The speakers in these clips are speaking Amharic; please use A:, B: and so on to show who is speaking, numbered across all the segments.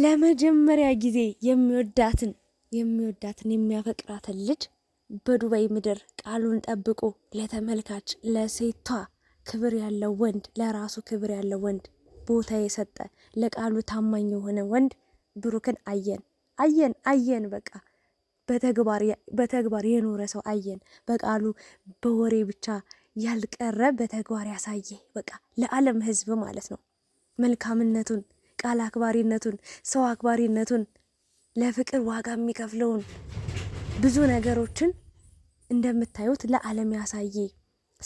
A: ለመጀመሪያ ጊዜ የሚወዳትን የሚወዳትን የሚያፈቅራትን ልጅ በዱባይ ምድር ቃሉን ጠብቆ ለተመልካች ለሴቷ ክብር ያለው ወንድ ለራሱ ክብር ያለው ወንድ ቦታ የሰጠ ለቃሉ ታማኝ የሆነ ወንድ ብሩክን አየን አየን አየን። በቃ በተግባር የኖረ ሰው አየን። በቃሉ በወሬ ብቻ ያልቀረ በተግባር ያሳየ በቃ ለዓለም ሕዝብ ማለት ነው መልካምነቱን ቃል አክባሪነቱን፣ ሰው አክባሪነቱን፣ ለፍቅር ዋጋ የሚከፍለውን ብዙ ነገሮችን እንደምታዩት ለዓለም ያሳየ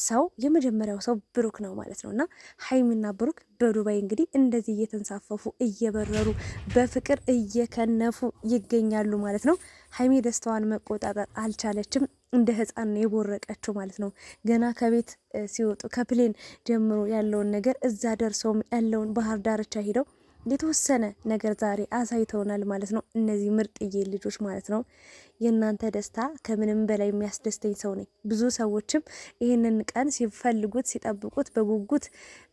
A: ሰው የመጀመሪያው ሰው ብሩክ ነው ማለት ነው እና ሀይሚና ብሩክ በዱባይ እንግዲህ እንደዚህ እየተንሳፈፉ እየበረሩ በፍቅር እየከነፉ ይገኛሉ ማለት ነው። ሀይሚ ደስታዋን መቆጣጠር አልቻለችም። እንደ ሕፃን ነው የቦረቀችው ማለት ነው። ገና ከቤት ሲወጡ ከፕሌን ጀምሮ ያለውን ነገር እዛ ደርሰውም ያለውን ባህር ዳርቻ ሂደው የተወሰነ ነገር ዛሬ አሳይተውናል ማለት ነው። እነዚህ ምርጥዬ ልጆች ማለት ነው። የእናንተ ደስታ ከምንም በላይ የሚያስደስተኝ ሰው ነኝ። ብዙ ሰዎችም ይህንን ቀን ሲፈልጉት ሲጠብቁት በጉጉት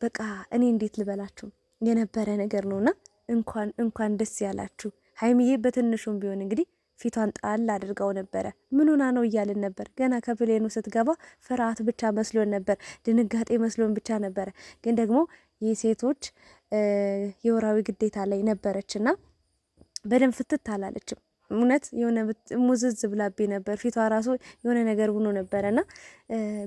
A: በቃ እኔ እንዴት ልበላችሁ የነበረ ነገር ነውና እንኳን እንኳን ደስ ያላችሁ። ሀይሚዬ በትንሹም ቢሆን እንግዲህ ፊቷን ጣል አድርገው ነበረ። ምኑና ነው እያልን ነበር። ገና ከፕሌኑ ስትገባ ፍርሃት ብቻ መስሎን ነበር፣ ድንጋጤ መስሎን ብቻ ነበረ። ግን ደግሞ የሴቶች የወራዊ ግዴታ ላይ ነበረች እና በደንብ ፍትት አላለችም። እውነት የሆነ ሙዝዝ ብላቤ ነበር ፊቷ ራሱ የሆነ ነገር ሆኖ ነበረና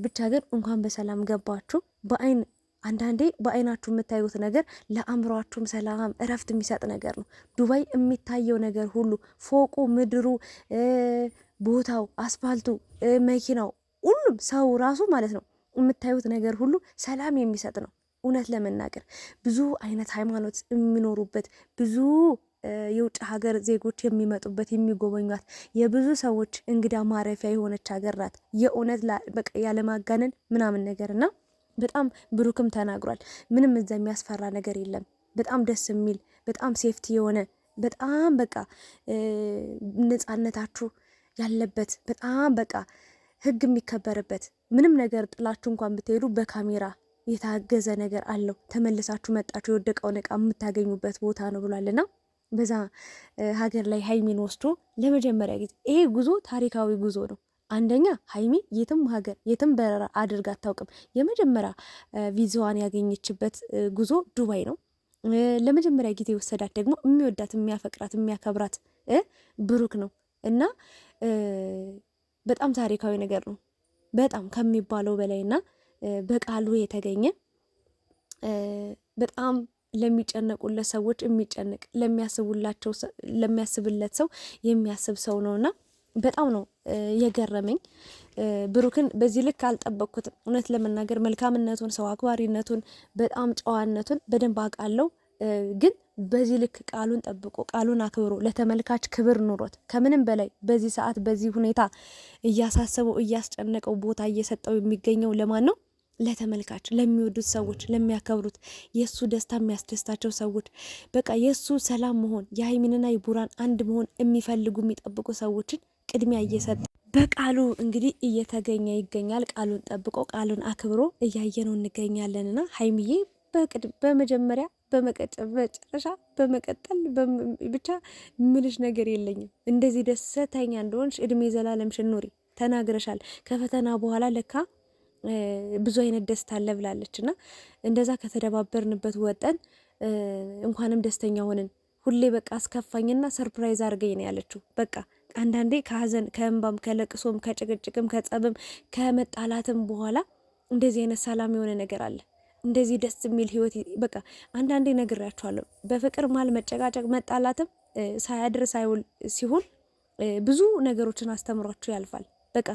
A: ብቻ ግን እንኳን በሰላም ገባችሁ በአይን አንዳንዴ በአይናችሁ የምታዩት ነገር ለአእምሯችሁም ሰላም እረፍት የሚሰጥ ነገር ነው። ዱባይ የሚታየው ነገር ሁሉ ፎቁ፣ ምድሩ፣ ቦታው፣ አስፋልቱ፣ መኪናው፣ ሁሉም ሰው ራሱ ማለት ነው የምታዩት ነገር ሁሉ ሰላም የሚሰጥ ነው። እውነት ለመናገር ብዙ አይነት ሃይማኖት የሚኖሩበት ብዙ የውጭ ሀገር ዜጎች የሚመጡበት የሚጎበኟት የብዙ ሰዎች እንግዳ ማረፊያ የሆነች ሀገር ናት። የእውነት በቃ ያለማጋነን ምናምን ነገር እና በጣም ብሩክም ተናግሯል። ምንም እዛ የሚያስፈራ ነገር የለም። በጣም ደስ የሚል በጣም ሴፍቲ የሆነ በጣም በቃ ነጻነታችሁ ያለበት በጣም በቃ ህግ የሚከበርበት ምንም ነገር ጥላችሁ እንኳን ብትሄዱ በካሜራ የታገዘ ነገር አለው። ተመልሳችሁ መጣችሁ የወደቀውን እቃ የምታገኙበት ቦታ ነው ብሏልና በዛ ሀገር ላይ ሀይሚን ወስዶ ለመጀመሪያ ጊዜ ይሄ ጉዞ ታሪካዊ ጉዞ ነው። አንደኛ ሀይሚ የትም ሀገር የትም በረራ አድርጋ አታውቅም። የመጀመሪያ ቪዛዋን ያገኘችበት ጉዞ ዱባይ ነው። ለመጀመሪያ ጊዜ የወሰዳት ደግሞ የሚወዳት የሚያፈቅራት የሚያከብራት ብሩክ ነው እና በጣም ታሪካዊ ነገር ነው በጣም ከሚባለው በላይ እና በቃሉ የተገኘ በጣም ለሚጨነቁለት ሰዎች የሚጨንቅ ለሚያስቡላቸው ለሚያስብለት ሰው የሚያስብ ሰው ነውና በጣም ነው የገረመኝ። ብሩክን በዚህ ልክ አልጠበቅኩትም። እውነት ለመናገር መልካምነቱን፣ ሰው አክባሪነቱን፣ በጣም ጨዋነቱን በደንብ አውቃለሁ ግን በዚህ ልክ ቃሉን ጠብቆ ቃሉን አክብሮ ለተመልካች ክብር ኑሮት ከምንም በላይ በዚህ ሰዓት በዚህ ሁኔታ እያሳሰበው እያስጨነቀው ቦታ እየሰጠው የሚገኘው ለማን ነው? ለተመልካች ለሚወዱት ሰዎች ለሚያከብሩት የእሱ ደስታ የሚያስደስታቸው ሰዎች በቃ የእሱ ሰላም መሆን የሀይሚንና የቡራን አንድ መሆን የሚፈልጉ የሚጠብቁ ሰዎችን ቅድሚያ እየሰጠ በቃሉ እንግዲህ እየተገኘ ይገኛል። ቃሉን ጠብቆ ቃሉን አክብሮ እያየነው እንገኛለንና ሀይሚዬ በመጀመሪያ በመጨረሻ በመቀጠል ብቻ ምልሽ ነገር የለኝም። እንደዚህ ደስተኛ እንደሆንሽ እድሜ ዘላለምሽን ኑሪ ተናግረሻል። ከፈተና በኋላ ለካ ብዙ አይነት ደስታ አለ ብላለች እና እንደዛ ከተደባበርንበት ወጠን እንኳንም ደስተኛ ሆንን። ሁሌ በቃ አስከፋኝና ሰርፕራይዝ አድርገኝ ነው ያለችው። በቃ አንዳንዴ ከሀዘን ከእንባም ከለቅሶም ከጭቅጭቅም ከጸብም ከመጣላትም በኋላ እንደዚህ አይነት ሰላም የሆነ ነገር አለ። እንደዚህ ደስ የሚል ህይወት በቃ አንዳንዴ ነግሬያቸዋለሁ። በፍቅር መሀል መጨቃጨቅ መጣላትም ሳያድር ሳይውል ሲሆን ብዙ ነገሮችን አስተምሯችሁ ያልፋል። በቃ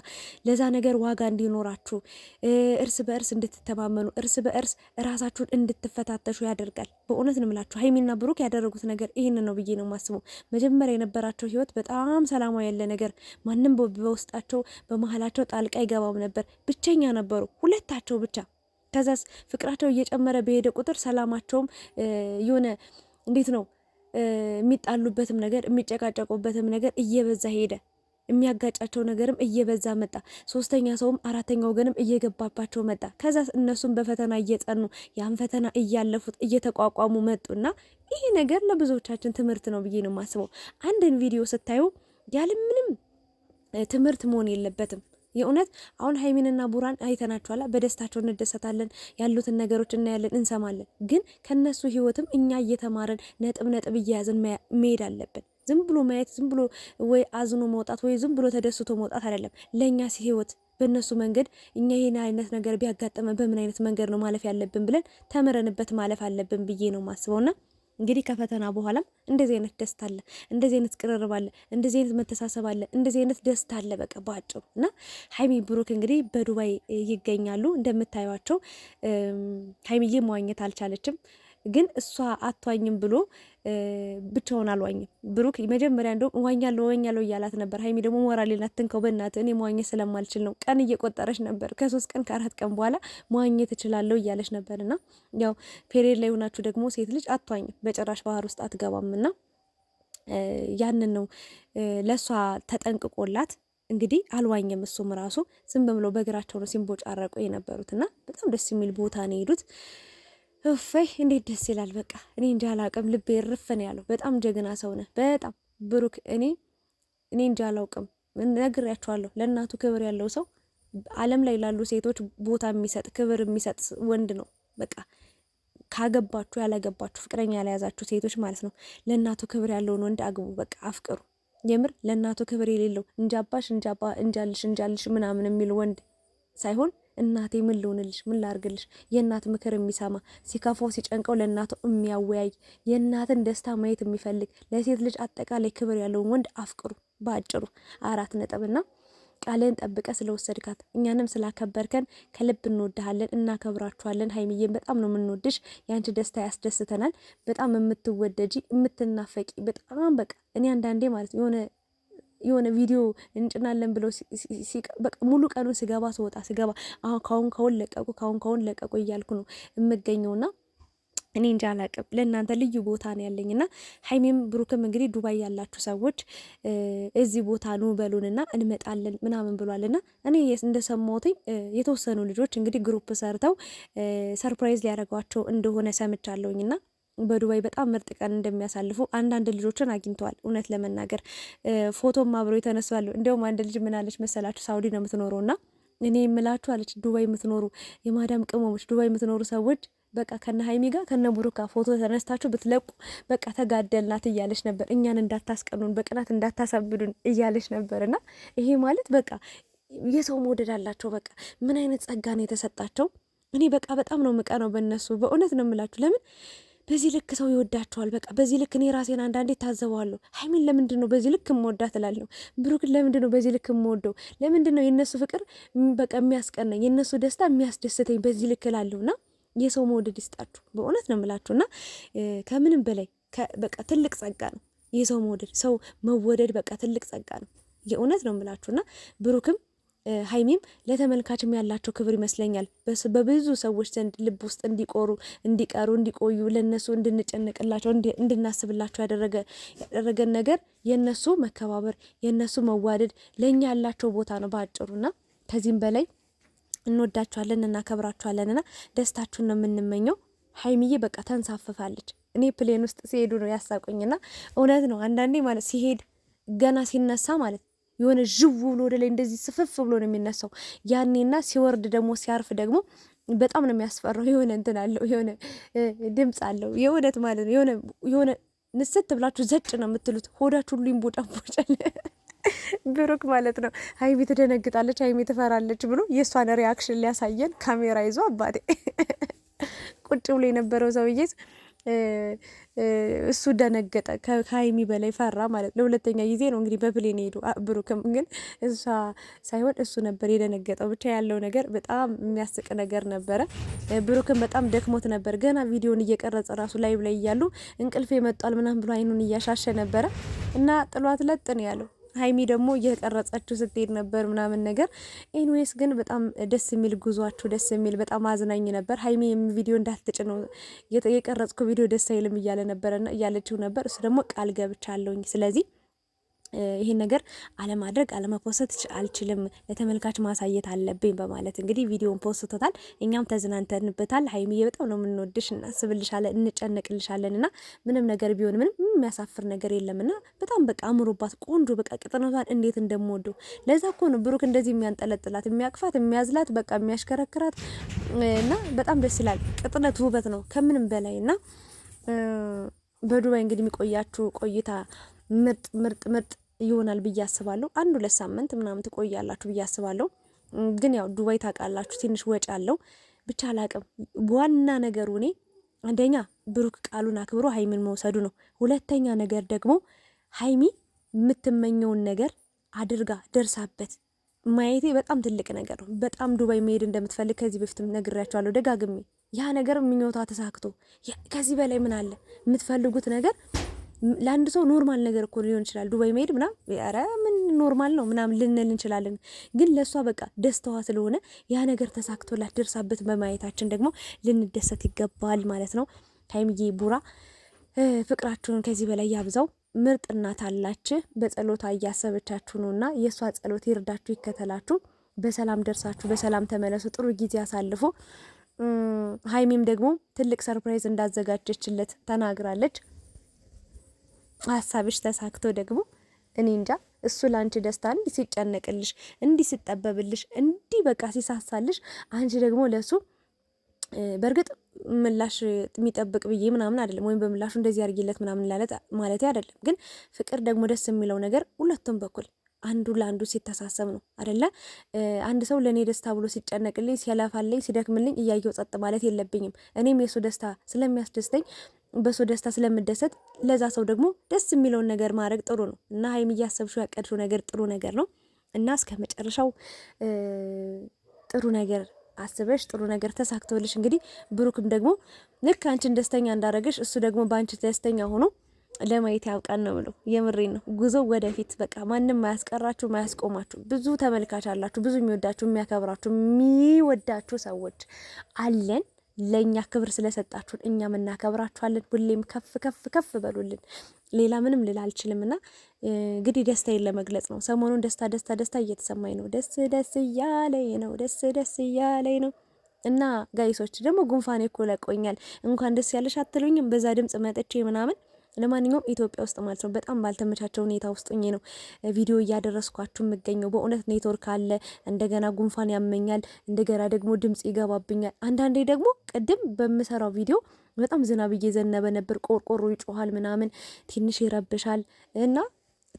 A: ለዛ ነገር ዋጋ እንዲኖራችሁ እርስ በእርስ እንድትተማመኑ እርስ በእርስ ራሳችሁን እንድትፈታተሹ ያደርጋል። በእውነት ነው የምላችሁ ሀይሚና ብሩክ ያደረጉት ነገር ይህን ነው ብዬ ነው የማስበው። መጀመሪያ የነበራቸው ህይወት በጣም ሰላማዊ ያለ ነገር፣ ማንም በውስጣቸው በመሀላቸው ጣልቃ አይገባም ነበር። ብቸኛ ነበሩ ሁለታቸው ብቻ። ከዛስ ፍቅራቸው እየጨመረ በሄደ ቁጥር ሰላማቸውም የሆነ እንዴት ነው የሚጣሉበትም ነገር የሚጨቃጨቁበትም ነገር እየበዛ ሄደ። የሚያጋጫቸው ነገርም እየበዛ መጣ። ሶስተኛ ሰውም አራተኛ ወገንም እየገባባቸው መጣ። ከዛ እነሱም በፈተና እየጸኑ ያን ፈተና እያለፉት እየተቋቋሙ መጡና ይሄ ነገር ለብዙዎቻችን ትምህርት ነው ብዬ ነው የማስበው። አንድን ቪዲዮ ስታዩ ያለምንም ትምህርት መሆን የለበትም። የእውነት አሁን ሀይሚንና ቡራን አይተናቸኋላ። በደስታቸው እንደሰታለን፣ ያሉትን ነገሮች እናያለን፣ እንሰማለን። ግን ከነሱ ህይወትም እኛ እየተማረን ነጥብ ነጥብ እየያዝን መሄድ አለብን። ዝም ብሎ ማየት ዝም ብሎ ወይ አዝኖ መውጣት ወይ ዝም ብሎ ተደስቶ መውጣት አይደለም። ለእኛ ሲህይወት በእነሱ መንገድ እኛ ይህን አይነት ነገር ቢያጋጠመ በምን አይነት መንገድ ነው ማለፍ ያለብን ብለን ተምረንበት ማለፍ አለብን ብዬ ነው ማስበውና እንግዲህ ከፈተና በኋላም እንደዚህ አይነት ደስታ አለ፣ እንደዚህ አይነት ቅርርብ አለ፣ እንደዚህ አይነት መተሳሰብ አለ፣ እንደዚህ አይነት ደስታ አለ። በቃ በአጭሩ እና ሀይሚ ብሩክ እንግዲህ በዱባይ ይገኛሉ። እንደምታዩቸው ሀይሚዬ መዋኘት አልቻለችም። ግን እሷ አትዋኝም ብሎ ብቻውን አልዋኝም። ብሩክ መጀመሪያ እንደውም እዋኛለሁ እዋኛለሁ እያላት ነበር። ሀይሚ ደግሞ ሞራሌን አትንከው በእናትህ፣ እኔ መዋኘት ስለማልችል ነው። ቀን እየቆጠረች ነበር። ከሶስት ቀን ከአራት ቀን በኋላ መዋኘት እችላለሁ እያለች ነበር። እና ያው ፔሬድ ላይ ሆናችሁ ደግሞ ሴት ልጅ አትዋኝም፣ በጭራሽ ባህር ውስጥ አትገባም። እና ያንን ነው ለእሷ ተጠንቅቆላት እንግዲህ አልዋኘም። እሱም ራሱ ዝም ብለው በእግራቸው ነው ሲንቦጫረቁ የነበሩት እና በጣም ደስ የሚል ቦታ ነው የሄዱት። እፈይ እንዴት ደስ ይላል። በቃ እኔ እንጃ አላውቅም፣ ልቤ እርፍ ያለው። በጣም ጀግና ሰው ነህ። በጣም ብሩክ፣ እኔ እኔ እንጃ አላውቅም። ነግሬያቸዋለሁ። ለእናቱ ክብር ያለው ሰው ዓለም ላይ ላሉ ሴቶች ቦታ የሚሰጥ ክብር የሚሰጥ ወንድ ነው። በቃ ካገባችሁ ያላገባችሁ ፍቅረኛ ያልያዛችሁ ሴቶች ማለት ነው፣ ለእናቱ ክብር ያለውን ወንድ አግቡ። በቃ አፍቅሩ። የምር ለእናቱ ክብር የሌለው እንጃባሽ እንጃባ እንጃልሽ እንጃልሽ ምናምን የሚል ወንድ ሳይሆን እናቴ ምን ልሆንልሽ? ምን ላርግልሽ? የእናት ምክር የሚሰማ ሲከፋው ሲጨንቀው ለእናቱ የሚያወያይ የእናትን ደስታ ማየት የሚፈልግ ለሴት ልጅ አጠቃላይ ክብር ያለውን ወንድ አፍቅሩ። በአጭሩ አራት ነጥብና ቃልን ጠብቀ ስለወሰድካት እኛንም ስላከበርከን ከልብ እንወድሃለን፣ እናከብራችኋለን። ሀይሚዬን በጣም ነው የምንወድሽ። የአንቺ ደስታ ያስደስተናል። በጣም የምትወደጂ የምትናፈቂ በጣም በቃ እኔ አንዳንዴ ማለት የሆነ የሆነ ቪዲዮ እንጭናለን ብለው ሙሉ ቀኑን ስገባ ስወጣ ስገባ ካሁን ካሁን ለቀቁ ካሁን ካሁን ለቀቁ እያልኩ ነው የምገኘውና እኔ እንጃ አላቅም። ለእናንተ ልዩ ቦታ ነው ያለኝ እና ሀይሜም ብሩክም እንግዲህ ዱባይ ያላችሁ ሰዎች እዚህ ቦታ ኑ በሉንና እንመጣለን ምናምን ብሏልና እኔ እንደሰማሁትኝ የተወሰኑ ልጆች እንግዲህ ግሩፕ ሰርተው ሰርፕራይዝ ሊያደርጓቸው እንደሆነ ሰምቻለሁኝና በዱባይ በጣም ምርጥ ቀን እንደሚያሳልፉ አንዳንድ ልጆችን አግኝተዋል። እውነት ለመናገር ፎቶም አብረው የተነሱ አሉ። እንዲያውም አንድ ልጅ ምናለች መሰላችሁ? ሳውዲ ነው የምትኖረው እና እኔ የምላችሁ አለች ዱባይ የምትኖሩ የማዳም ቅመሞች፣ ዱባይ የምትኖሩ ሰዎች በቃ ከነ ሀይሚ ጋር ከነ ቡሩካ ፎቶ ተነስታችሁ ብትለቁ በቃ ተጋደልናት እያለች ነበር። እኛን እንዳታስቀኑን በቅናት እንዳታሳብዱን እያለች ነበር እና ይሄ ማለት በቃ የሰው መውደድ አላቸው። በቃ ምን አይነት ጸጋ ነው የተሰጣቸው? እኔ በቃ በጣም ነው ምቀ ነው በእነሱ በእውነት ነው የምላችሁ ለምን በዚህ ልክ ሰው ይወዳቸዋል። በቃ በዚህ ልክ እኔ ራሴን አንዳንዴ ታዘበዋለሁ። ሀይሚን ለምንድን ነው በዚህ ልክ እምወዳት እላለሁ። ብሩክን ለምንድን ነው በዚህ ልክ እምወደው? ለምንድን ነው የእነሱ ፍቅር በቃ የሚያስቀናኝ፣ የእነሱ ደስታ የሚያስደስተኝ በዚህ ልክ ና የሰው መውደድ ይስጣችሁ። በእውነት ነው የምላችሁ እና ከምንም በላይ በቃ ትልቅ ጸጋ ነው የሰው መውደድ፣ ሰው መወደድ በቃ ትልቅ ጸጋ ነው። የእውነት ነው የምላችሁና ብሩክም ሀይሚም ለተመልካችም ያላቸው ክብር ይመስለኛል። በብዙ ሰዎች ዘንድ ልብ ውስጥ እንዲቆሩ እንዲቀሩ እንዲቆዩ ለነሱ እንድንጨነቅላቸው እንድናስብላቸው ያደረገን ነገር የነሱ መከባበር የነሱ መዋደድ ለእኛ ያላቸው ቦታ ነው በአጭሩና ከዚህም በላይ እንወዳቸዋለን ና ደስታችሁን ነው የምንመኘው። ሀይሚዬ በቃ ተንሳፍፋለች። እኔ ፕሌን ውስጥ ሲሄዱ ነው ያሳቁኝና እውነት ነው አንዳንዴ ማለት ሲሄድ ገና ሲነሳ ማለት የሆነ ዥው ብሎ ወደ ላይ እንደዚህ ስፍፍ ብሎ ነው የሚነሳው። ያኔና ሲወርድ ደግሞ ሲያርፍ ደግሞ በጣም ነው የሚያስፈራው። የሆነ እንትን አለው፣ የሆነ ድምፅ አለው። የእውነት ማለት ነው። የሆነ የሆነ ንስት ብላችሁ ዘጭ ነው የምትሉት። ሆዳችሁ ሁሉ ይንቦጫቦጫል። ብሩክ ማለት ነው። ሀይሚ ትደነግጣለች፣ ሀይሚ ትፈራለች ብሎ የእሷን ሪያክሽን ሊያሳየን ካሜራ ይዞ አባቴ ቁጭ ብሎ የነበረው ሰውዬት እሱ ደነገጠ። ከሀይሚ በላይ ፈራ ማለት ለሁለተኛ ጊዜ ነው እንግዲህ በፕሌን ሄዱ። ብሩክም ግን እሷ ሳይሆን እሱ ነበር የደነገጠው። ብቻ ያለው ነገር በጣም የሚያስቅ ነገር ነበረ። ብሩክም በጣም ደክሞት ነበር። ገና ቪዲዮን እየቀረጸ ራሱ ላይቭ ላይ እያሉ እንቅልፍ መጧል ምናምን ብሎ አይኑን እያሻሸ ነበረ እና ጥሏት ለጥ ነው ያለው። ሀይሚ ደግሞ እየተቀረጸችው ስትሄድ ነበር ምናምን ነገር። ኤንዌስ ግን በጣም ደስ የሚል ጉዟችሁ ደስ የሚል በጣም አዝናኝ ነበር። ሀይሚ ቪዲዮ እንዳትጭ ነው የቀረጽኩ ቪዲዮ ደስ አይልም እያለ ነበረና እያለችው ነበር። እሱ ደግሞ ቃል ገብቻለሁኝ ስለዚህ ይሄን ነገር አለማድረግ አለመፖሰት አልችልም፣ ለተመልካች ማሳየት አለብኝ በማለት እንግዲህ ቪዲዮን ፖስቶታል። እኛም ተዝናንተንበታል። ሀይሚዬ በጣም ነው የምንወድሽ፣ እናስብልሻለን፣ እንጨነቅልሻለን እና ምንም ነገር ቢሆን ምንም የሚያሳፍር ነገር የለምና በጣም በቃ አምሮባት ቆንጆ በቃ ቅጥነቷን እንዴት እንደምወደው ለዛ እኮ ነው ብሩክ እንደዚህ የሚያንጠለጥላት የሚያቅፋት፣ የሚያዝላት፣ በቃ የሚያሽከረክራት እና በጣም ደስ ይላል። ቅጥነት ውበት ነው ከምንም በላይ እና በዱባይ እንግዲህ የሚቆያችሁ ቆይታ ምርጥ ምርጥ ምርጥ ይሆናል ብዬ አስባለሁ። አንድ ሁለት ሳምንት ምናምን ትቆያላችሁ ብዬ አስባለሁ። ግን ያው ዱባይ ታውቃላችሁ ትንሽ ወጪ አለው። ብቻ አላቅም። ዋና ነገሩ እኔ አንደኛ ብሩክ ቃሉን አክብሮ ሀይሚን መውሰዱ ነው። ሁለተኛ ነገር ደግሞ ሀይሚ የምትመኘውን ነገር አድርጋ ደርሳበት ማየቴ በጣም ትልቅ ነገር ነው። በጣም ዱባይ መሄድ እንደምትፈልግ ከዚህ በፊትም ነግሬያቸዋለሁ ደጋግሜ። ያ ነገር ምኞቷ ተሳክቶ ከዚህ በላይ ምን አለ የምትፈልጉት ነገር ለአንድ ሰው ኖርማል ነገር እኮ ሊሆን ይችላል። ዱባይ መሄድ ምናም ኧረ ምን ኖርማል ነው ምናምን ልንል እንችላለን። ግን ለእሷ በቃ ደስታዋ ስለሆነ ያ ነገር ተሳክቶላት ደርሳበት በማየታችን ደግሞ ልንደሰት ይገባል ማለት ነው። ታይምዬ ቡራ ፍቅራችሁን ከዚህ በላይ ያብዛው። ምርጥ እናት አላችሁ። በጸሎታ እያሰበቻችሁ እና የእሷ ጸሎት ይርዳችሁ፣ ይከተላችሁ። በሰላም ደርሳችሁ በሰላም ተመለሱ። ጥሩ ጊዜ አሳልፉ። ሀይሚም ደግሞ ትልቅ ሰርፕራይዝ እንዳዘጋጀችለት ተናግራለች። ሀሳብሽ ተሳክቶ ደግሞ እኔ እንጃ እሱ ለአንቺ ደስታ እንዲህ ሲጨነቅልሽ፣ እንዲህ ሲጠበብልሽ፣ እንዲህ በቃ ሲሳሳልሽ፣ አንቺ ደግሞ ለሱ በእርግጥ ምላሽ የሚጠብቅ ብዬ ምናምን አይደለም፣ ወይም በምላሹ እንደዚህ አድርጊለት ምናምን ላለት ማለት አይደለም። ግን ፍቅር ደግሞ ደስ የሚለው ነገር ሁለቱም በኩል አንዱ ለአንዱ ሲተሳሰብ ነው አደለ? አንድ ሰው ለእኔ ደስታ ብሎ ሲጨነቅልኝ፣ ሲያላፋልኝ፣ ሲደክምልኝ እያየው ጸጥ ማለት የለብኝም። እኔም የእሱ ደስታ ስለሚያስደስተኝ በሱ ደስታ ስለምደሰት ለዛ ሰው ደግሞ ደስ የሚለውን ነገር ማድረግ ጥሩ ነው እና ሀይሚ እያሰብሽው ያቀድሽው ነገር ጥሩ ነገር ነው እና እስከ መጨረሻው ጥሩ ነገር አስበሽ ጥሩ ነገር ተሳክቶልሽ እንግዲህ ብሩክም ደግሞ ልክ አንቺን ደስተኛ እንዳረገሽ እሱ ደግሞ በአንቺ ደስተኛ ሆኖ ለማየት ያብቃን ነው ብለው የምሬን ነው። ጉዞ ወደፊት በቃ ማንም ማያስቀራችሁ ማያስቆማችሁ። ብዙ ተመልካች አላችሁ፣ ብዙ የሚወዳችሁ የሚያከብራችሁ የሚወዳችሁ ሰዎች አለን። ለእኛ ክብር ስለሰጣችሁን እኛም እናከብራችኋለን። ሁሌም ከፍ ከፍ ከፍ በሉልን። ሌላ ምንም ልል አልችልም። እና እንግዲህ ደስታዬን ለመግለጽ ነው። ሰሞኑን ደስታ ደስታ ደስታ እየተሰማኝ ነው። ደስ ደስ እያለኝ ነው። ደስ ደስ እያለኝ ነው። እና ጋይሶች ደግሞ ጉንፋኔ እኮ ለቆኛል። እንኳን ደስ ያለሽ አትሉኝም? በዛ ድምጽ መጥቼ ምናምን ለማንኛውም ኢትዮጵያ ውስጥ ማለት ነው በጣም ባልተመቻቸው ሁኔታ ውስጥ ሆኜ ነው ቪዲዮ እያደረስኳችሁ የምገኘው። በእውነት ኔትወርክ አለ፣ እንደገና ጉንፋን ያመኛል፣ እንደገና ደግሞ ድምጽ ይገባብኛል። አንዳንዴ ደግሞ ቅድም በምሰራው ቪዲዮ በጣም ዝናብ እየዘነበ ነበር። ቆርቆሮ ይጮኋል ምናምን ትንሽ ይረብሻል እና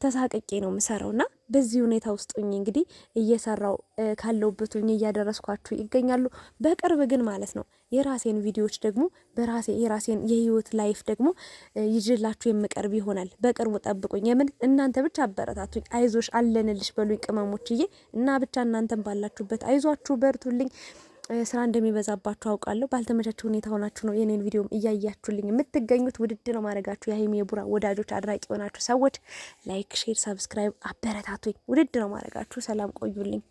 A: ተሳቅቄ ነው የምሰራው እና በዚህ ሁኔታ ውስጥ ሁኜ እንግዲህ እየሰራው ካለውበት ሁኜ እያደረስኳችሁ ይገኛሉ። በቅርብ ግን ማለት ነው የራሴን ቪዲዮዎች ደግሞ በራሴ የራሴን የህይወት ላይፍ ደግሞ ይዤላችሁ የምቀርብ ይሆናል። በቅርቡ ጠብቁኝ። የምን እናንተ ብቻ አበረታቱኝ፣ አይዞሽ አለንልሽ በሉኝ ቅመሞችዬ እና ብቻ እናንተን ባላችሁበት አይዟችሁ በርቱልኝ። ስራ እንደሚበዛባችሁ አውቃለሁ። ባልተመቻቸው ሁኔታ ሆናችሁ ነው የኔን ቪዲዮም እያያችሁልኝ የምትገኙት። ውድድ ነው ማድረጋችሁ የሀይሚ የቡራ ወዳጆች፣ አድራቂ የሆናችሁ ሰዎች ላይክ፣ ሼር፣ ሰብስክራይብ አበረታቱኝ። ውድድ ነው ማድረጋችሁ። ሰላም ቆዩልኝ።